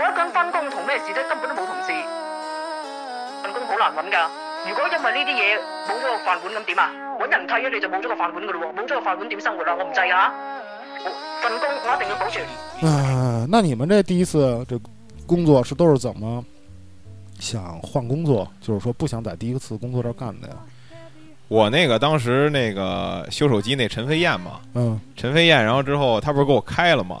我一跟翻工同咩事啫，根本都冇同事，份工好難揾噶。如果因為呢啲嘢冇咗個飯碗咁點啊？揾人替啊，你就冇咗個飯碗噶咯喎，冇咗個飯碗點生活啦、啊？我唔制噶，份工我一定要保存。啊，那你們這第一次這工作是都是怎麼想換工作？就是說不想在第一次工作這幹的呀？我那個當時那個修手機那陳飛燕嘛，嗯，陳飛燕，然後之後他不是給我開了嘛？